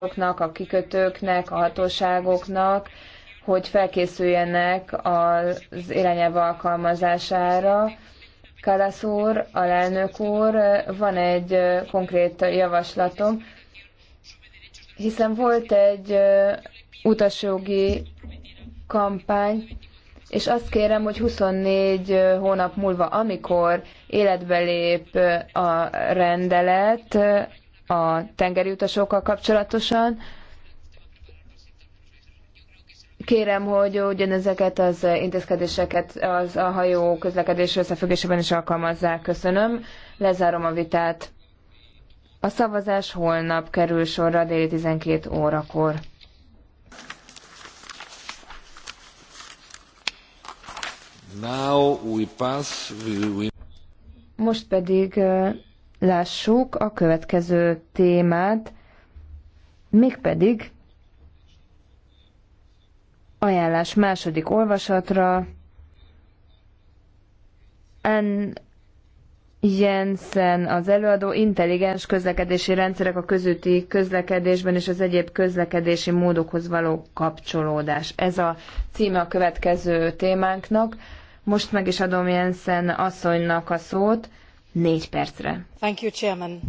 országoknak, a kikötőknek, a hatóságoknak, hogy felkészüljenek az irányelv alkalmazására. Kalasz úr, alelnök úr, van egy konkrét javaslatom, hiszen volt egy utasjogi kampány, és azt kérem, hogy 24 hónap múlva, amikor életbe lép a rendelet, a tengeri utasokkal kapcsolatosan. Kérem, hogy ugyanezeket az intézkedéseket az a hajó közlekedés összefüggésében is alkalmazzák. Köszönöm. Lezárom a vitát. A szavazás holnap kerül sorra déli 12 órakor. Now we pass, we... Most pedig lássuk a következő témát, mégpedig ajánlás második olvasatra en Jensen az előadó intelligens közlekedési rendszerek a közúti közlekedésben és az egyéb közlekedési módokhoz való kapcsolódás. Ez a címe a következő témánknak. Most meg is adom Jensen asszonynak a szót négy percre. Thank you, Chairman.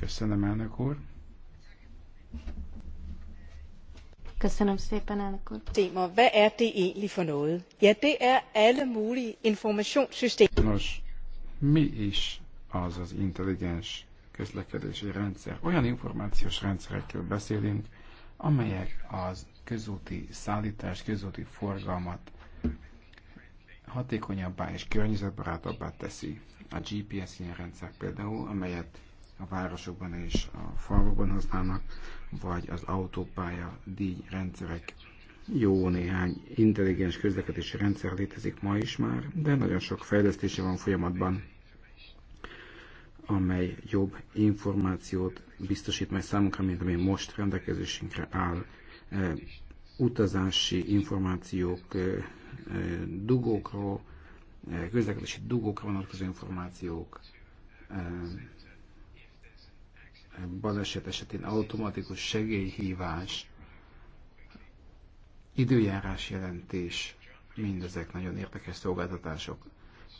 Köszönöm, elnök úr. Köszönöm szépen, elnök úr. Téma, hvad er det egentlig for noget? Ja, det er alle mulige informationssystemer. Nos, mi is az az intelligens közlekedési rendszer? Olyan információs rendszerekről beszélünk, amelyek az közúti szállítás, közúti forgalmat hatékonyabbá és környezetbarátabbá teszi a GPS ilyen rendszer például, amelyet a városokban és a falvakban használnak, vagy az autópálya díj rendszerek. Jó néhány intelligens közlekedési rendszer létezik ma is már, de nagyon sok fejlesztése van folyamatban, amely jobb információt biztosít majd számunkra, mint ami most rendelkezésünkre áll. utazási információk dugókról, közlekedési dugókra vonatkozó információk, baleset esetén automatikus segélyhívás, időjárás jelentés, mindezek nagyon érdekes szolgáltatások.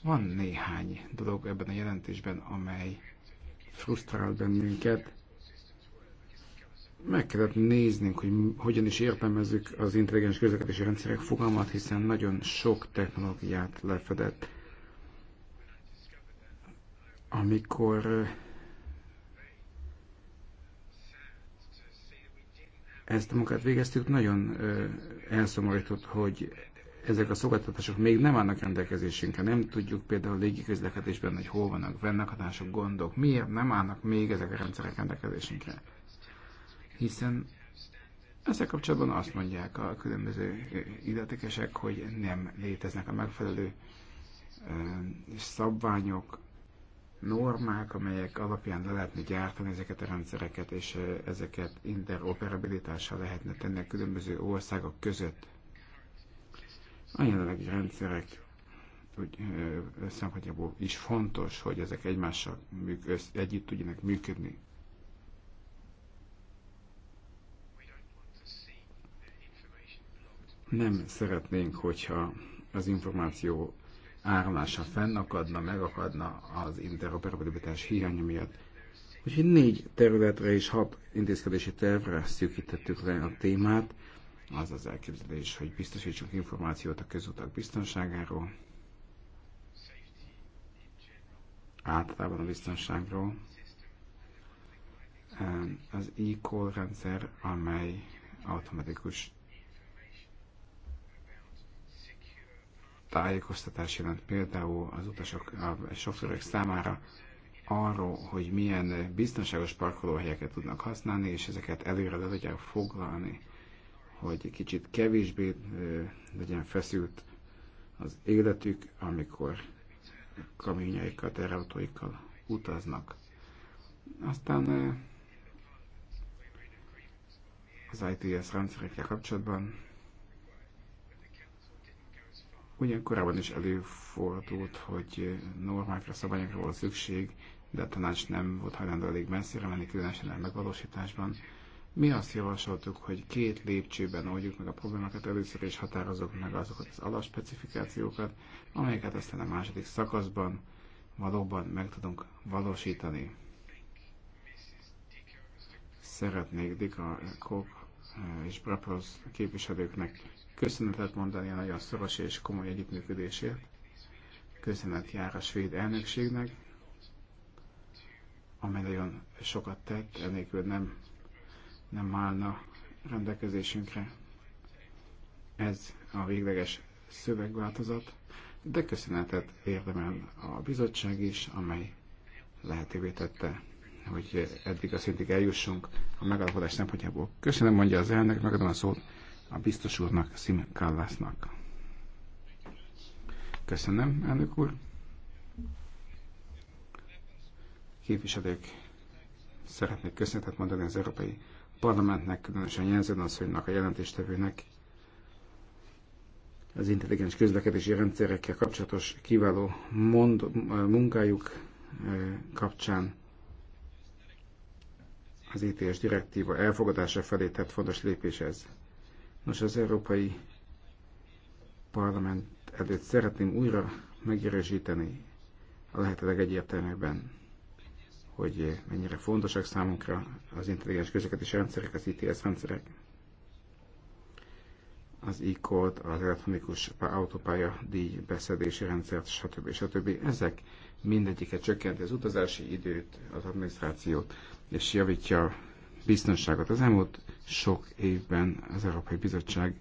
Van néhány dolog ebben a jelentésben, amely frusztrál bennünket, meg kellett néznünk, hogy hogyan is értelmezzük az intelligens közlekedési rendszerek fogalmat, hiszen nagyon sok technológiát lefedett. Amikor eh, ezt a munkát végeztük, nagyon eh, elszomorított, hogy ezek a szolgáltatások még nem állnak rendelkezésünkre. Nem tudjuk például a légi közlekedésben, hogy hol vannak benne hatások, gondok, miért nem állnak még ezek a rendszerek rendelkezésünkre hiszen ezzel kapcsolatban azt mondják a különböző illetékesek, hogy nem léteznek a megfelelő szabványok, normák, amelyek alapján le lehetne gyártani ezeket a rendszereket, és ezeket interoperabilitással lehetne tenni a különböző országok között. A jelenlegi rendszerek úgy, szempontjából is fontos, hogy ezek egymással műk, össz, együtt tudjanak működni. Nem szeretnénk, hogyha az információ áramlása fennakadna, megakadna az interoperabilitás hiánya miatt. Úgyhogy négy területre és hat intézkedési tervre szűkítettük le a témát. Az az elképzelés, hogy biztosítsunk információt a közutak biztonságáról, általában a biztonságról, ehm, az e-call rendszer, amely automatikus tájékoztatás jelent például az utasok, a sofőrök számára arról, hogy milyen biztonságos parkolóhelyeket tudnak használni, és ezeket előre le tudják foglalni, hogy kicsit kevésbé legyen feszült az életük, amikor kamionjaikkal, terautóikkal utaznak. Aztán az ITS rendszerekkel kapcsolatban Ugyan korábban is előfordult, hogy normákra, szabályokra volt szükség, de a tanács nem volt hajlandó elég messzire menni, különösen a megvalósításban. Mi azt javasoltuk, hogy két lépcsőben oldjuk meg a problémákat, először is határozok meg azokat az alapspecifikációkat, amelyeket aztán a második szakaszban valóban meg tudunk valósítani. Szeretnék Dika Kok eh, és Brapos képviselőknek köszönetet mondani a nagyon szoros és komoly együttműködésért. Köszönet jár a svéd elnökségnek, amely nagyon sokat tett, enélkül nem, nem állna rendelkezésünkre ez a végleges szövegváltozat, de köszönetet érdemel a bizottság is, amely lehetővé tette, hogy eddig a szintig eljussunk a megállapodás szempontjából. Köszönöm, mondja az elnök, megadom a szót a biztos úrnak, Sim Kallásznak. Köszönöm, elnök úr. Képviselők, szeretnék köszönetet mondani az Európai Parlamentnek, különösen Jensen asszonynak, a jelentéstevőnek, az intelligens közlekedési rendszerekkel kapcsolatos kiváló mond, munkájuk eh, kapcsán az ETS direktíva elfogadása felé tett fontos lépés ez. Nos, az Európai Parlament előtt szeretném újra megérősíteni a lehetőleg egyértelműbben, hogy mennyire fontosak számunkra az intelligens közlekedési rendszerek, az ITS rendszerek. Az e-code, az elektronikus autópálya díj beszedési rendszert, stb. stb. Ezek mindegyike csökkenti az utazási időt, az adminisztrációt, és javítja biztonságot. Az elmúlt sok évben az Európai Bizottság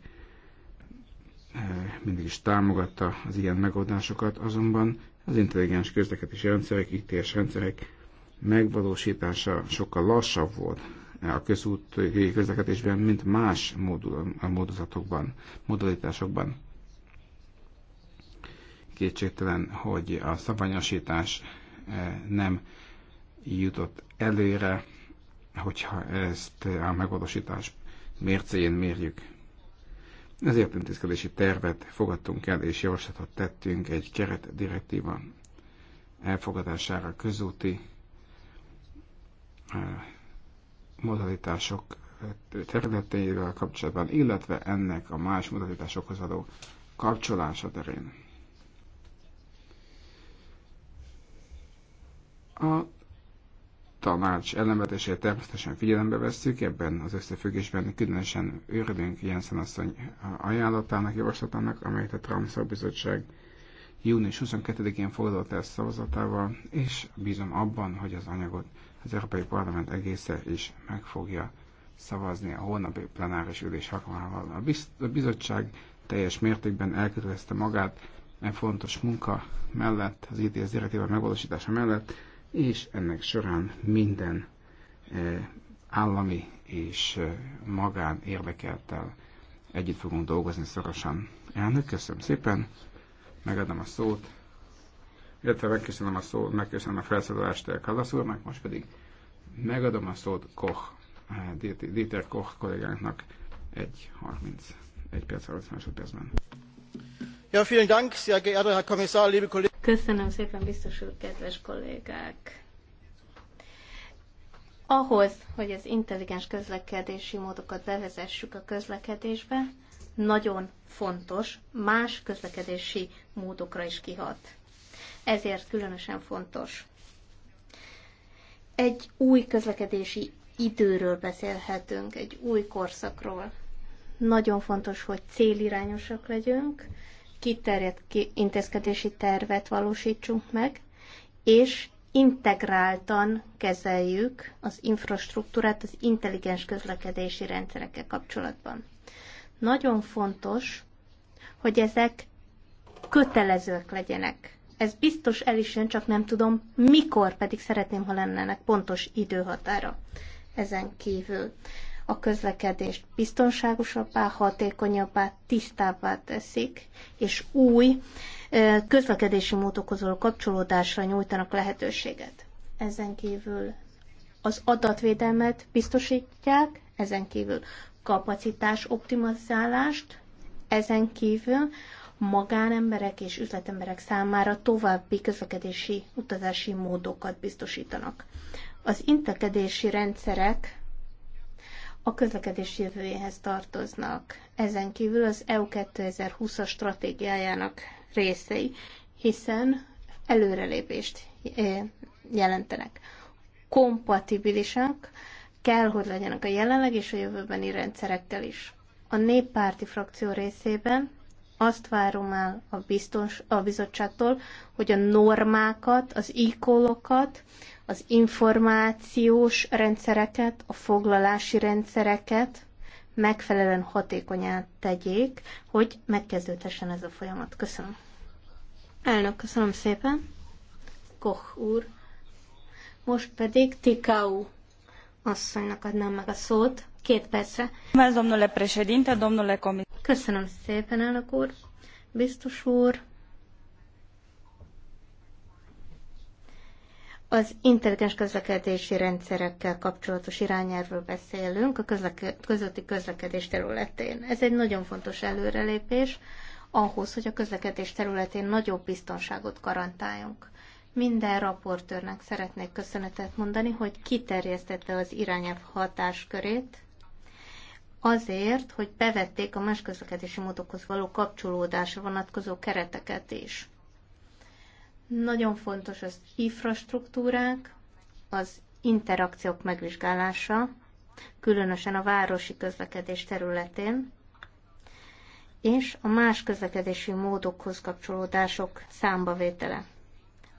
eh, mindig is támogatta az ilyen megoldásokat, azonban az intelligens közlekedési rendszerek, ITS rendszerek megvalósítása sokkal lassabb volt a közúti közlekedésben, mint más módul, a módozatokban, modalitásokban. Kétségtelen, hogy a szabványosítás eh, nem jutott előre hogyha ezt a megvalósítás mércéjén mérjük. Ezért intézkedési tervet fogadtunk el, és javaslatot tettünk egy direktíva elfogadására közúti eh, modalitások területeivel kapcsolatban, illetve ennek a más modalitásokhoz való kapcsolása terén. A tanács ellenvetését természetesen figyelembe vesszük, ebben az összefüggésben különösen örülünk Jensen asszony ajánlatának, javaslatának, amelyet a Trump bizottság június 22-én fogadott el szavazatával, és bízom abban, hogy az anyagot az Európai Parlament egésze is meg fogja szavazni a holnapi plenáris ülés alkalmával. A, biz a bizottság teljes mértékben elkötelezte magát e fontos munka mellett, az ITS direktíva megvalósítása mellett, és ennek során minden e, állami és e, magán érdekeltel együtt fogunk dolgozni szorosan. Elnök, köszönöm szépen, megadom a szót, illetve megköszönöm a szót, megköszönöm a felszólalást Kallasz úrnak, most pedig megadom a szót Koch, e, Dieter Koch kollégánknak egy 31 perc 30 másodpercben. Ja, vielen Dank, sehr geehrter Herr Kommissar, liebe Kollegen. Köszönöm szépen, biztos úr, kedves kollégák! Ahhoz, hogy az intelligens közlekedési módokat bevezessük a közlekedésbe, nagyon fontos, más közlekedési módokra is kihat. Ezért különösen fontos. Egy új közlekedési időről beszélhetünk, egy új korszakról. Nagyon fontos, hogy célirányosak legyünk, kiterjedt intézkedési tervet valósítsunk meg, és integráltan kezeljük az infrastruktúrát az intelligens közlekedési rendszerekkel kapcsolatban. Nagyon fontos, hogy ezek kötelezőek legyenek. Ez biztos el is jön, csak nem tudom mikor, pedig szeretném, ha lennének pontos időhatára ezen kívül a közlekedést biztonságosabbá, hatékonyabbá, tisztábbá teszik, és új közlekedési módokhoz való kapcsolódásra nyújtanak lehetőséget. Ezen kívül az adatvédelmet biztosítják, ezen kívül kapacitás optimalizálást, ezen kívül magánemberek és üzletemberek számára további közlekedési utazási módokat biztosítanak. Az intekedési rendszerek a közlekedés jövőjéhez tartoznak. Ezen kívül az EU 2020-as stratégiájának részei, hiszen előrelépést eh, jelentenek. Kompatibilisak kell, hogy legyenek a jelenleg és a jövőbeni rendszerekkel is. A néppárti frakció részében azt várom el a, biztons, a bizottságtól, hogy a normákat, az ikolokat, az információs rendszereket, a foglalási rendszereket megfelelően hatékonyan tegyék, hogy megkezdődhessen ez a folyamat. Köszönöm. Elnök, köszönöm szépen. Koch úr. Most pedig Tikau asszonynak adnám meg a szót. Két percre. Köszönöm szépen, elnök úr. Biztos úr, az intelligens közlekedési rendszerekkel kapcsolatos irányelvről beszélünk a közleke- közötti közlekedés területén. Ez egy nagyon fontos előrelépés ahhoz, hogy a közlekedés területén nagyobb biztonságot garantáljunk. Minden raportőrnek szeretnék köszönetet mondani, hogy kiterjesztette az irányelv hatáskörét, azért, hogy bevették a más közlekedési módokhoz való kapcsolódásra vonatkozó kereteket is. Nagyon fontos az infrastruktúrák, az interakciók megvizsgálása, különösen a városi közlekedés területén, és a más közlekedési módokhoz kapcsolódások számbavétele.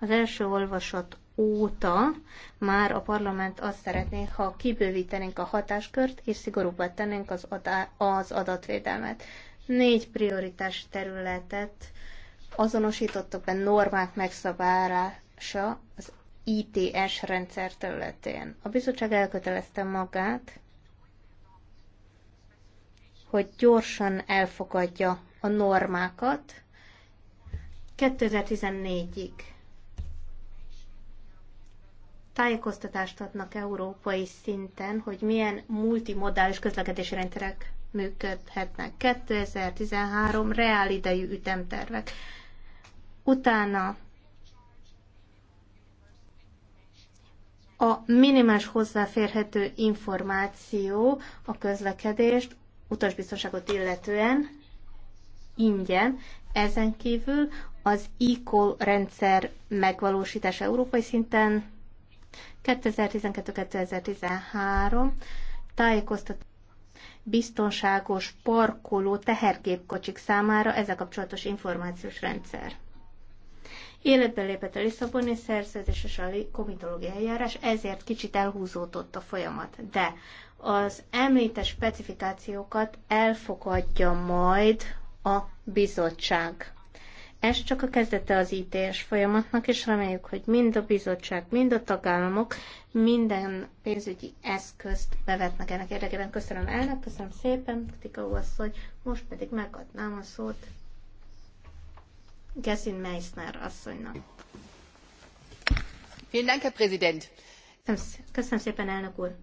Az első olvasat óta már a parlament azt szeretné, ha kibővítenénk a hatáskört, és szigorúbbá tennénk az, adá- az adatvédelmet. Négy prioritás területet azonosítottak be normák megszabárása az ITS rendszer területén. A bizottság elkötelezte magát, hogy gyorsan elfogadja a normákat 2014-ig. Tájékoztatást adnak európai szinten, hogy milyen multimodális közlekedési rendszerek működhetnek. 2013 reálidejű ütemtervek. Utána a minimális hozzáférhető információ a közlekedést, utasbiztonságot illetően ingyen. Ezen kívül az e rendszer megvalósítása európai szinten 2012-2013 tájékoztató biztonságos parkoló tehergépkocsik számára ezzel kapcsolatos információs rendszer. Életbe lépett a Lisszaboni szerződés és a komitológiai eljárás, ezért kicsit elhúzódott a folyamat. De az említett specifikációkat elfogadja majd a bizottság. Ez csak a kezdete az ITS folyamatnak, és reméljük, hogy mind a bizottság, mind a tagállamok minden pénzügyi eszközt bevetnek ennek érdekében. Köszönöm elnök, köszönöm szépen, Tika asszony, most pedig megadnám a szót Gesin Meissner asszonynak. Vielen Dank, Herr Präsident. Köszönöm szépen, elnök úr.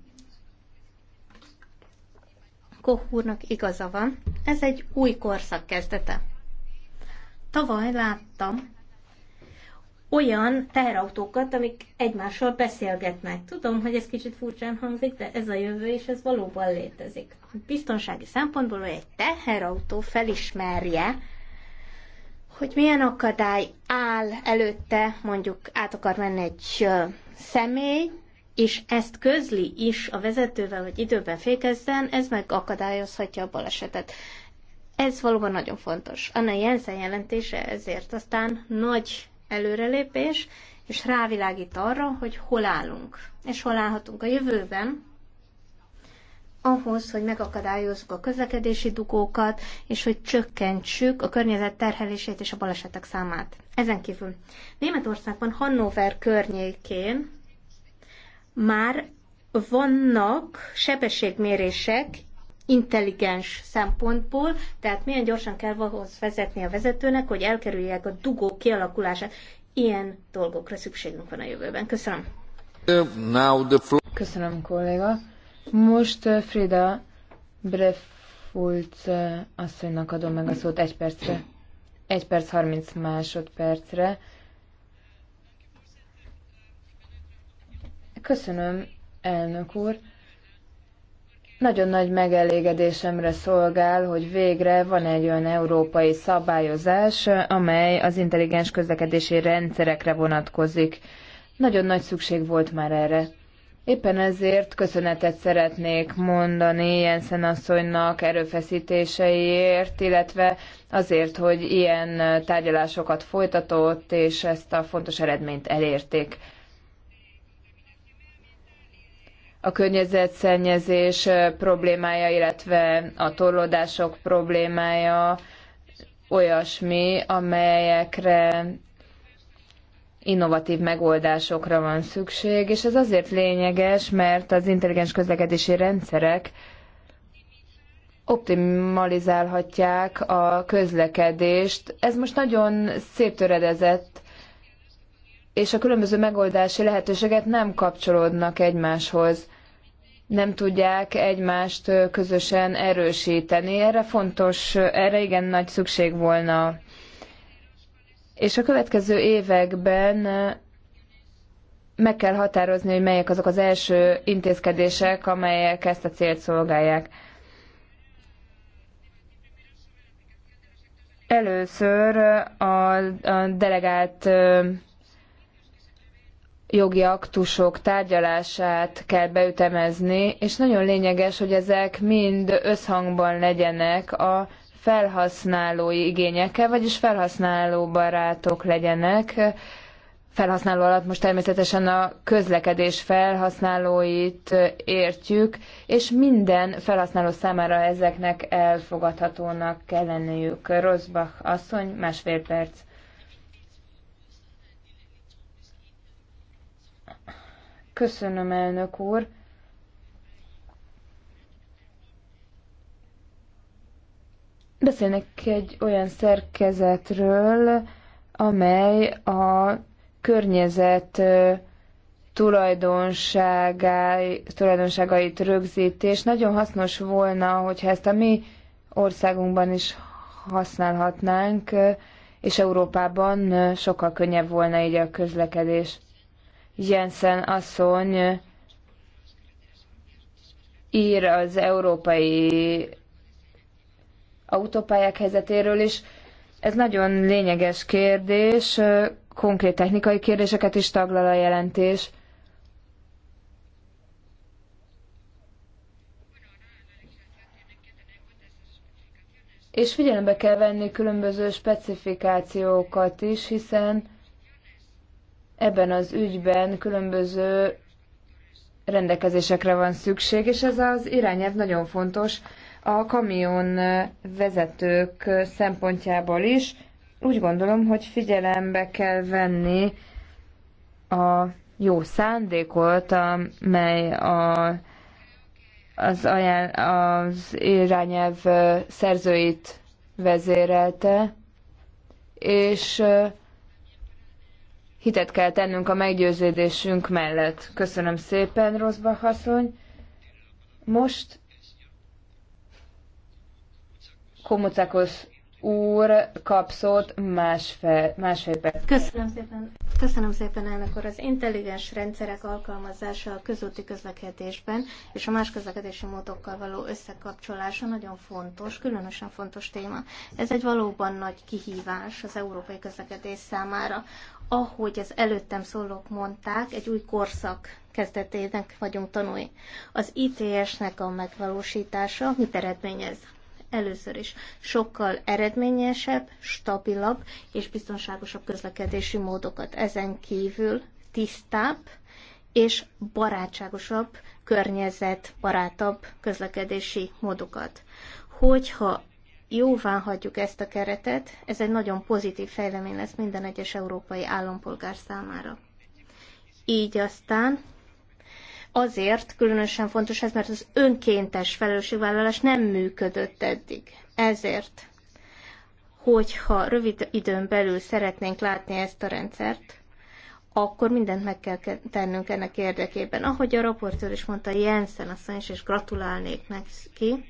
Koch úrnak igaza van, ez egy új korszak kezdete Tavaly láttam olyan teherautókat, amik egymással beszélgetnek. Tudom, hogy ez kicsit furcsán hangzik, de ez a jövő, és ez valóban létezik. Biztonsági szempontból, hogy egy teherautó felismerje, hogy milyen akadály áll előtte, mondjuk át akar menni egy személy, és ezt közli is a vezetővel, hogy időben fékezzen, ez megakadályozhatja a balesetet. Ez valóban nagyon fontos. A Jensen jelentése ezért aztán nagy előrelépés, és rávilágít arra, hogy hol állunk, és hol állhatunk a jövőben, ahhoz, hogy megakadályozzuk a közlekedési dugókat, és hogy csökkentsük a környezet terhelését és a balesetek számát. Ezen kívül Németországban, Hannover környékén már vannak sebességmérések intelligens szempontból, tehát milyen gyorsan kell ahhoz vezetni a vezetőnek, hogy elkerüljék a dugó kialakulását. Ilyen dolgokra szükségünk van a jövőben. Köszönöm. Köszönöm, kolléga. Most eh, Frida Brefult eh, asszonynak adom meg a szót egy percre. Egy perc, 30 másodpercre. Köszönöm, elnök úr. Nagyon nagy megelégedésemre szolgál, hogy végre van egy olyan európai szabályozás, amely az intelligens közlekedési rendszerekre vonatkozik. Nagyon nagy szükség volt már erre. Éppen ezért köszönetet szeretnék mondani Jensen asszonynak erőfeszítéseiért, illetve azért, hogy ilyen tárgyalásokat folytatott, és ezt a fontos eredményt elérték a környezetszennyezés problémája, illetve a torlódások problémája olyasmi, amelyekre innovatív megoldásokra van szükség, és ez azért lényeges, mert az intelligens közlekedési rendszerek optimalizálhatják a közlekedést. Ez most nagyon szép töredezett, és a különböző megoldási lehetőséget nem kapcsolódnak egymáshoz nem tudják egymást közösen erősíteni. Erre fontos, erre igen nagy szükség volna. És a következő években meg kell határozni, hogy melyek azok az első intézkedések, amelyek ezt a célt szolgálják. Először a, a delegált jogi aktusok tárgyalását kell beütemezni, és nagyon lényeges, hogy ezek mind összhangban legyenek a felhasználói igényekkel, vagyis felhasználóbarátok legyenek. Felhasználó alatt most természetesen a közlekedés felhasználóit értjük, és minden felhasználó számára ezeknek elfogadhatónak kell lenniük. Rosbach asszony, másfél perc. Köszönöm, elnök úr. Beszélnek egy olyan szerkezetről, amely a környezet tulajdonságait rögzíti, és nagyon hasznos volna, hogyha ezt a mi országunkban is használhatnánk, és Európában sokkal könnyebb volna így a közlekedés. Jensen asszony ír az európai autópályák helyzetéről is. Ez nagyon lényeges kérdés, konkrét technikai kérdéseket is taglal a jelentés. És figyelembe kell venni különböző specifikációkat is, hiszen ebben az ügyben különböző rendelkezésekre van szükség, és ez az irányelv nagyon fontos a kamion vezetők szempontjából is. Úgy gondolom, hogy figyelembe kell venni a jó szándékot, amely a, az, ajánl, az irányelv szerzőit vezérelte, és hitet kell tennünk a meggyőződésünk mellett. Köszönöm szépen, Rosbach haszony. Most Komocakos úr kap szót másfél, másfél perc. Köszönöm szépen. Köszönöm szépen, elnök úr. Az intelligens rendszerek alkalmazása a közúti közlekedésben és a más közlekedési módokkal való összekapcsolása nagyon fontos, különösen fontos téma. Ez egy valóban nagy kihívás az európai közlekedés számára. Ahogy az előttem szólók mondták, egy új korszak kezdetének vagyunk tanulni. Az ITS-nek a megvalósítása mit eredményez? Először is sokkal eredményesebb, stabilabb és biztonságosabb közlekedési módokat. Ezen kívül tisztább és barátságosabb, környezetbarátabb közlekedési módokat. Hogyha jóvá hagyjuk ezt a keretet, ez egy nagyon pozitív fejlemény lesz minden egyes európai állampolgár számára. Így aztán Azért különösen fontos ez, mert az önkéntes felelősségvállalás nem működött eddig. Ezért, hogyha rövid időn belül szeretnénk látni ezt a rendszert, akkor mindent meg kell tennünk ennek érdekében. Ahogy a raportőr is mondta, Jensen asszony is, és gratulálnék neki,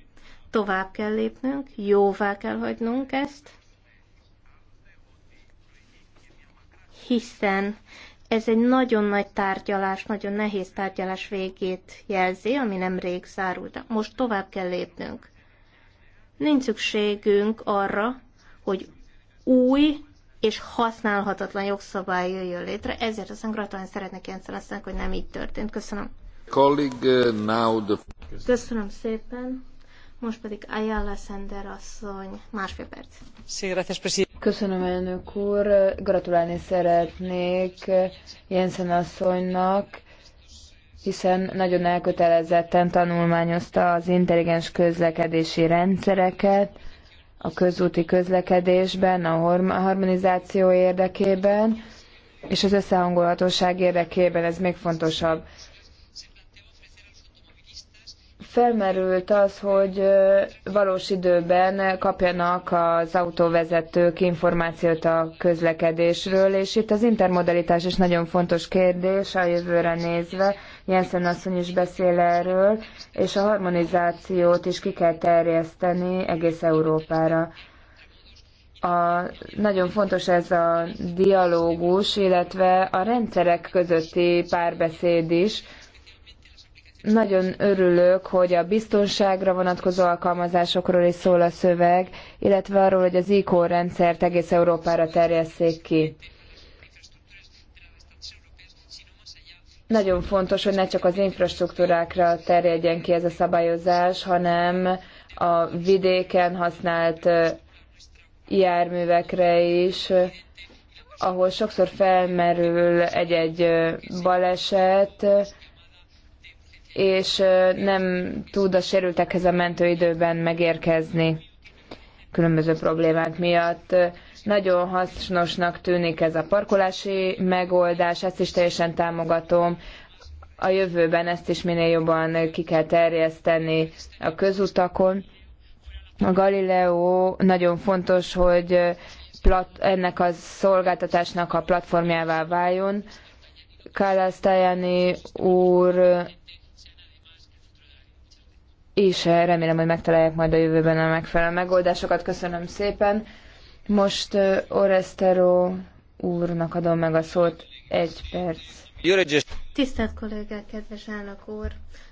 tovább kell lépnünk, jóvá kell hagynunk ezt, hiszen ez egy nagyon nagy tárgyalás, nagyon nehéz tárgyalás végét jelzi, ami nem rég zárult. Most tovább kell lépnünk. Nincs szükségünk arra, hogy új és használhatatlan jogszabály jöjjön létre, ezért aztán gratulálni szeretnék Jensen aztán, hogy nem így történt. Köszönöm. Colleague, uh, now the... Köszönöm szépen. Most pedig Ayala Sender asszony, másfél perc. Köszönöm, elnök úr. Gratulálni szeretnék Jensen asszonynak, hiszen nagyon elkötelezetten tanulmányozta az intelligens közlekedési rendszereket a közúti közlekedésben, a harmonizáció érdekében, és az összehangolhatóság érdekében ez még fontosabb felmerült az, hogy valós időben kapjanak az autóvezetők információt a közlekedésről, és itt az intermodalitás is nagyon fontos kérdés a jövőre nézve. Jensen asszony is beszél erről, és a harmonizációt is ki kell terjeszteni egész Európára. A, nagyon fontos ez a dialógus, illetve a rendszerek közötti párbeszéd is, nagyon örülök, hogy a biztonságra vonatkozó alkalmazásokról is szól a szöveg, illetve arról, hogy az ICO rendszert egész Európára terjesszék ki. Nagyon fontos, hogy ne csak az infrastruktúrákra terjedjen ki ez a szabályozás, hanem a vidéken használt járművekre is, ahol sokszor felmerül egy-egy baleset, és nem tud a sérültekhez a mentőidőben megérkezni különböző problémák miatt. Nagyon hasznosnak tűnik ez a parkolási megoldás, ezt is teljesen támogatom. A jövőben ezt is minél jobban ki kell terjeszteni a közutakon. A Galileo nagyon fontos, hogy plat, ennek a szolgáltatásnak a platformjává váljon. Kálásztájáni úr és eh, remélem, hogy megtalálják majd a jövőben a megfelelő megoldásokat. Köszönöm szépen. Most eh, Orestero úrnak adom meg a szót. Egy perc. Tisztelt kollégák, kedves elnök úr!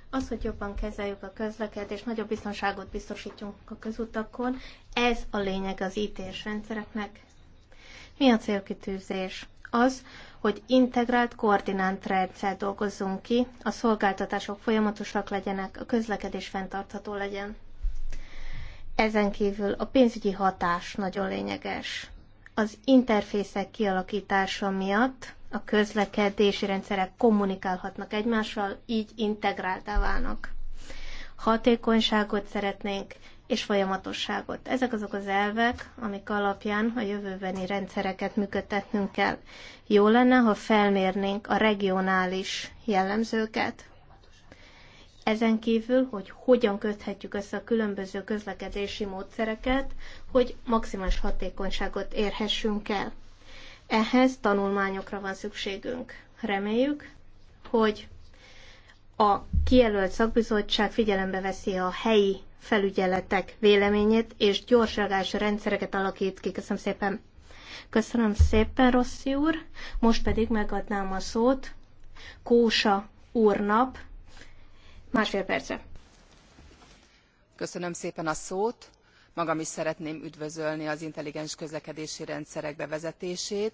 Az, hogy jobban kezeljük a közlekedést, nagyobb biztonságot biztosítjunk a közutakon, ez a lényeg az ITS Mi a célkitűzés? Az, hogy integrált, koordinált rendszer dolgozzunk ki, a szolgáltatások folyamatosak legyenek, a közlekedés fenntartható legyen. Ezen kívül a pénzügyi hatás nagyon lényeges. Az interfészek kialakítása miatt a közlekedési rendszerek kommunikálhatnak egymással, így integráltá válnak hatékonyságot szeretnénk, és folyamatosságot. Ezek azok az elvek, amik alapján a jövőbeni rendszereket működtetnünk kell. Jó lenne, ha felmérnénk a regionális jellemzőket, ezen kívül, hogy hogyan köthetjük össze a különböző közlekedési módszereket, hogy maximális hatékonyságot érhessünk el. Ehhez tanulmányokra van szükségünk. Reméljük, hogy a kijelölt szakbizottság figyelembe veszi a helyi felügyeletek véleményét, és gyors reagálási rendszereket alakít ki. Köszönöm szépen. Köszönöm szépen, Rosszi úr. Most pedig megadnám a szót Kósa úrnap. Másfél perce. Köszönöm szépen a szót. Magam is szeretném üdvözölni az intelligens közlekedési rendszerek bevezetését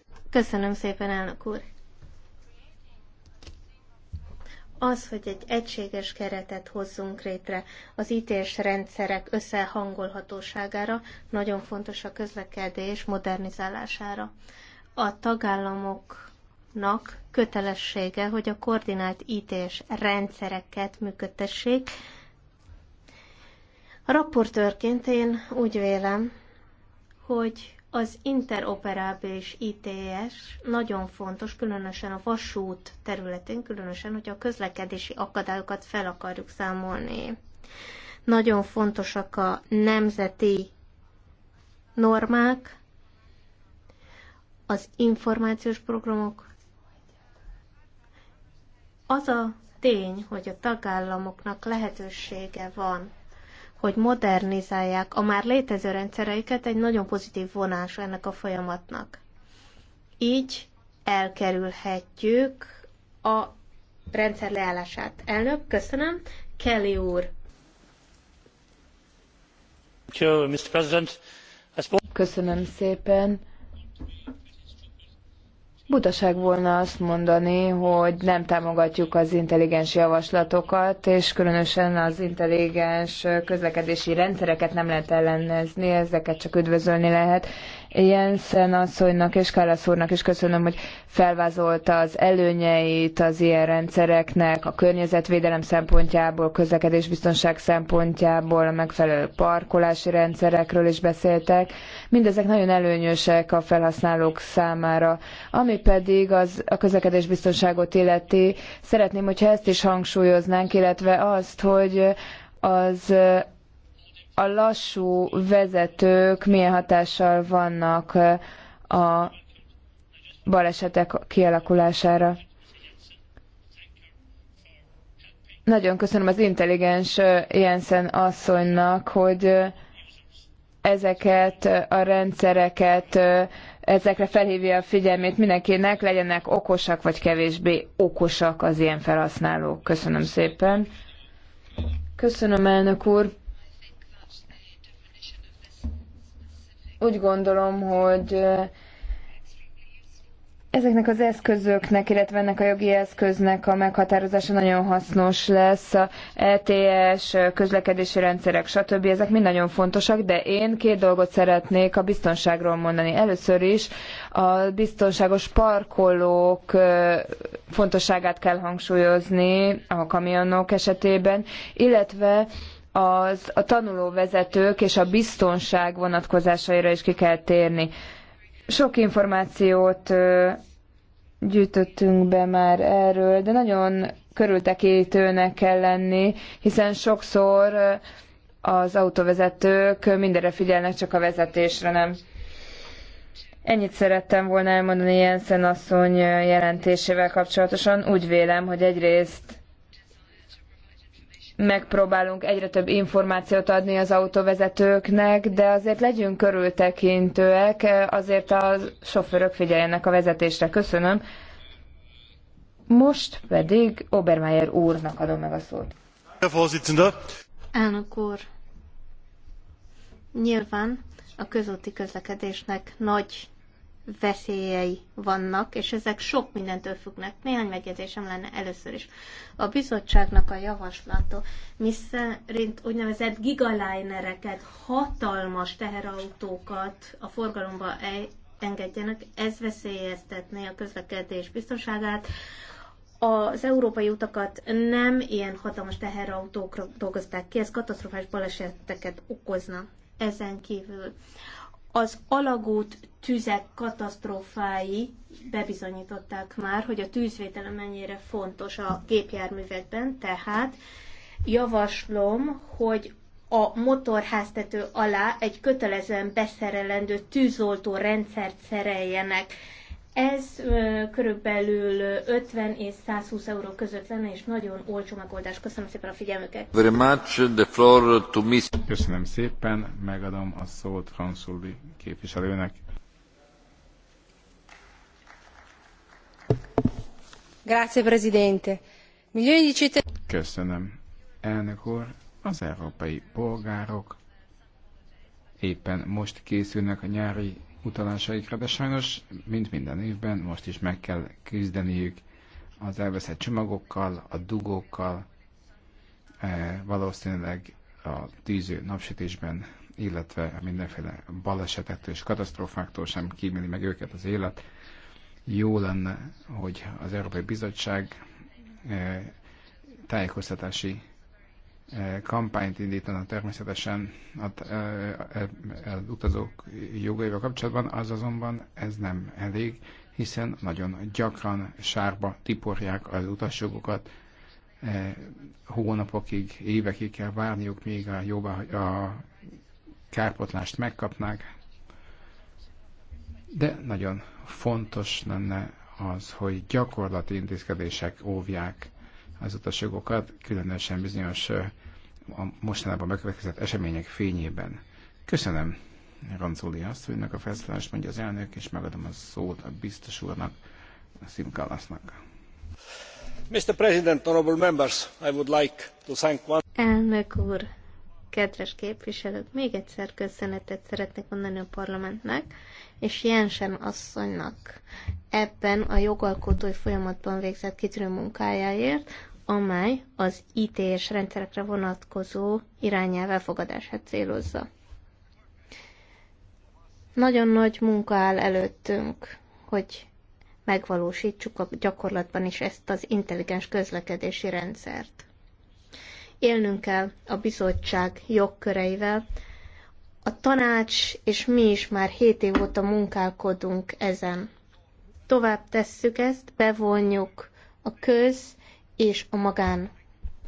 Köszönöm szépen, elnök úr! Az, hogy egy egységes keretet hozzunk létre az ítés rendszerek összehangolhatóságára, nagyon fontos a közlekedés modernizálására. A tagállamoknak kötelessége, hogy a koordinált ítés rendszereket működtessék. A raportőrként én úgy vélem, hogy az interoperábilis ITS nagyon fontos, különösen a vasút területén, különösen, hogy a közlekedési akadályokat fel akarjuk számolni. Nagyon fontosak a nemzeti normák, az információs programok. Az a tény, hogy a tagállamoknak lehetősége van hogy modernizálják a már létező rendszereiket, egy nagyon pozitív vonás ennek a folyamatnak. Így elkerülhetjük a rendszer leállását. Elnök, köszönöm. Kelly úr. Köszönöm szépen. Butaság volna azt mondani, hogy nem támogatjuk az intelligens javaslatokat, és különösen az intelligens közlekedési rendszereket nem lehet ellenezni, ezeket csak üdvözölni lehet. Jensen asszonynak és Kálasz úrnak is köszönöm, hogy felvázolta az előnyeit az ilyen rendszereknek a környezetvédelem szempontjából, közlekedésbiztonság szempontjából, a megfelelő parkolási rendszerekről is beszéltek. Mindezek nagyon előnyösek a felhasználók számára. Ami pedig az, a közlekedésbiztonságot illeti, szeretném, hogyha ezt is hangsúlyoznánk, illetve azt, hogy az a lassú vezetők milyen hatással vannak eh, a balesetek kialakulására. Nagyon köszönöm az intelligens eh, Jensen asszonynak, hogy eh, ezeket a rendszereket, ezekre felhívja a figyelmét mindenkinek, legyenek okosak vagy kevésbé okosak az ilyen felhasználók. Köszönöm szépen. Köszönöm, elnök úr. Úgy gondolom, hogy ezeknek az eszközöknek, illetve ennek a jogi eszköznek a meghatározása nagyon hasznos lesz. A ETS, közlekedési rendszerek, stb. ezek mind nagyon fontosak, de én két dolgot szeretnék a biztonságról mondani. Először is a biztonságos parkolók fontosságát kell hangsúlyozni a kamionok esetében, illetve az, a tanulóvezetők és a biztonság vonatkozásaira is ki kell térni. Sok információt gyűjtöttünk be már erről, de nagyon körültekintőnek kell lenni, hiszen sokszor az autovezetők mindenre figyelnek, csak a vezetésre nem. Ennyit szerettem volna elmondani Jensen asszony jelentésével kapcsolatosan. Úgy vélem, hogy egyrészt megpróbálunk egyre több információt adni az autóvezetőknek, de azért legyünk körültekintőek, azért a sofőrök figyeljenek a vezetésre. Köszönöm. Most pedig Obermeier úrnak adom meg a szót. Elnök úr, nyilván a közúti közlekedésnek nagy veszélyei vannak, és ezek sok mindentől függnek. Néhány megjegyzésem lenne először is. A bizottságnak a javaslata, miszerint úgynevezett gigalinereket, hatalmas teherautókat a forgalomba e- engedjenek, ez veszélyeztetné a közlekedés biztonságát. Az európai utakat nem ilyen hatalmas teherautókra dolgozták ki, ez katasztrofás baleseteket okozna ezen kívül. Az alagút tüzek katasztrófái bebizonyították már, hogy a tűzvédelem mennyire fontos a gépjárművekben, tehát javaslom, hogy a motorháztető alá egy kötelezően beszerelendő tűzoltó rendszert szereljenek. Ez körülbelül 50 és 120 euró között lenne, és nagyon olcsó megoldás. Köszönöm szépen a figyelmüket. Very much the floor to miss. Köszönöm szépen, megadom a szót Franszuldi képviselőnek. Grazie, Presidente. Milioni di Köszönöm. Elnök úr, az európai polgárok éppen most készülnek a nyári utalásaikra, de sajnos, mint minden évben, most is meg kell küzdeniük az elveszett csomagokkal, a dugókkal, e, valószínűleg a tűző napsütésben, illetve mindenféle balesetektől és katasztrófáktól sem kíméli meg őket az élet. Jó lenne, hogy az Európai Bizottság e, tájékoztatási Eh, kampányt indítana természetesen az eh, eh, utazók jogaival kapcsolatban, az azonban ez nem elég, hiszen nagyon gyakran sárba tiporják az utasjogokat, hónapokig, évekig kell várniuk, még a, jobbá, a kárpotlást megkapnák. De nagyon fontos lenne az, hogy gyakorlati intézkedések óvják az utasjogokat, különösen bizonyos a mostanában megkövetkezett események fényében. Köszönöm Ranzóli azt, hogy a felszólalást mondja az elnök, és megadom a szót a biztos úrnak, a Szimkalasznak. Mr. President, honorable members, I would like to thank one... Elnök úr, kedves képviselők, még egyszer köszönetet szeretnék mondani a parlamentnek, és Jensen asszonynak ebben a jogalkotói folyamatban végzett kitűnő munkájáért, amely az IT-s rendszerekre vonatkozó irányelv elfogadását célozza. Nagyon nagy munka áll előttünk, hogy megvalósítsuk a gyakorlatban is ezt az intelligens közlekedési rendszert. Élnünk kell a bizottság jogköreivel, a tanács és mi is már 7 év óta munkálkodunk ezen. Tovább tesszük ezt, bevonjuk a köz és a magán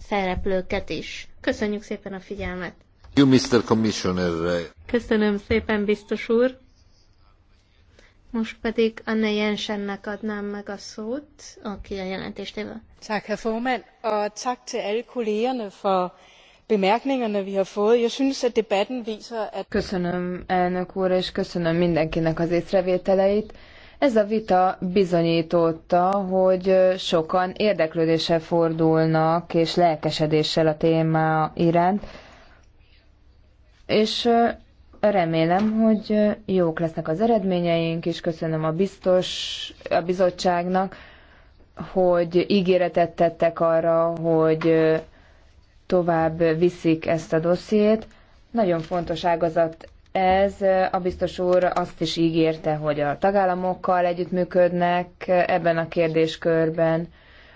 szereplőket is. Köszönjük szépen a figyelmet! You, Mr. Commissioner. Köszönöm szépen, biztos úr! Most pedig Anne Jensennek adnám meg a szót, aki a jelentést éve. Tak, herr formand, og tak til alle kollegerne for bemærkningerne, vi har fået. Jeg synes, at debatten viser, at... Köszönöm, elnök úr, és köszönöm mindenkinek az észrevételeit. Ez a vita bizonyította, hogy sokan érdeklődéssel fordulnak és lelkesedéssel a téma iránt, és remélem, hogy jók lesznek az eredményeink, és köszönöm a biztos, a bizottságnak, hogy ígéretet tettek arra, hogy tovább viszik ezt a dossziét. Nagyon fontos ágazat ez a biztos úr azt is ígérte, hogy a tagállamokkal együttműködnek ebben a kérdéskörben.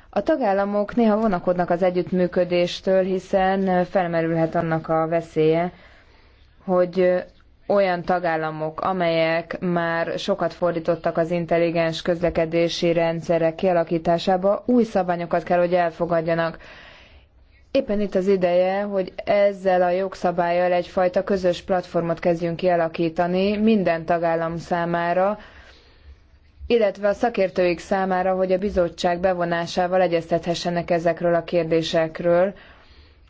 A tagállamok néha vonakodnak az együttműködéstől, hiszen felmerülhet annak a veszélye, hogy olyan tagállamok, amelyek már sokat fordítottak az intelligens közlekedési rendszerek kialakításába, új szabványokat kell, hogy elfogadjanak. Éppen itt az ideje, hogy ezzel a jogszabályjal egyfajta közös platformot kezdjünk kialakítani minden tagállam számára, illetve a szakértőik számára, hogy a bizottság bevonásával egyeztethessenek ezekről a kérdésekről,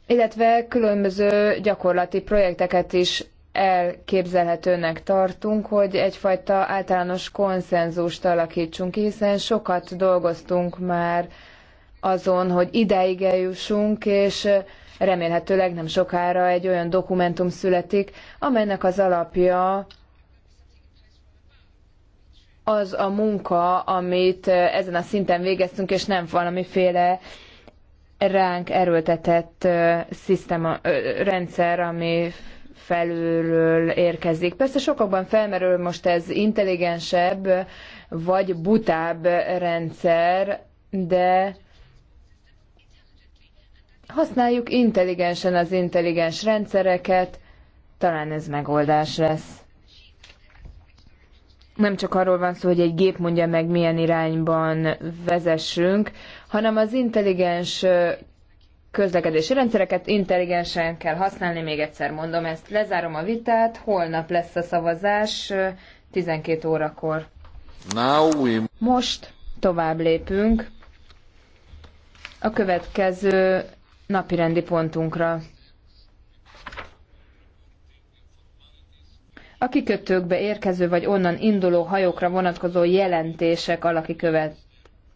illetve különböző gyakorlati projekteket is elképzelhetőnek tartunk, hogy egyfajta általános konszenzust alakítsunk, hiszen sokat dolgoztunk már azon, hogy ideig eljussunk, és remélhetőleg nem sokára egy olyan dokumentum születik, amelynek az alapja az a munka, amit ezen a szinten végeztünk, és nem valamiféle ránk erőltetett szisztema, rendszer, ami felülről érkezik. Persze sokakban felmerül most ez intelligensebb vagy butább rendszer, de használjuk intelligensen az intelligens rendszereket, talán ez megoldás lesz. Nem csak arról van szó, hogy egy gép mondja meg, milyen irányban vezessünk, hanem az intelligens közlekedési rendszereket intelligensen kell használni, még egyszer mondom ezt. Lezárom a vitát, holnap lesz a szavazás 12 órakor. We... Most tovább lépünk. A következő napirendi pontunkra. A kikötőkbe érkező vagy onnan induló hajókra vonatkozó jelentések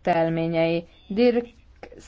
követelményei. Dirk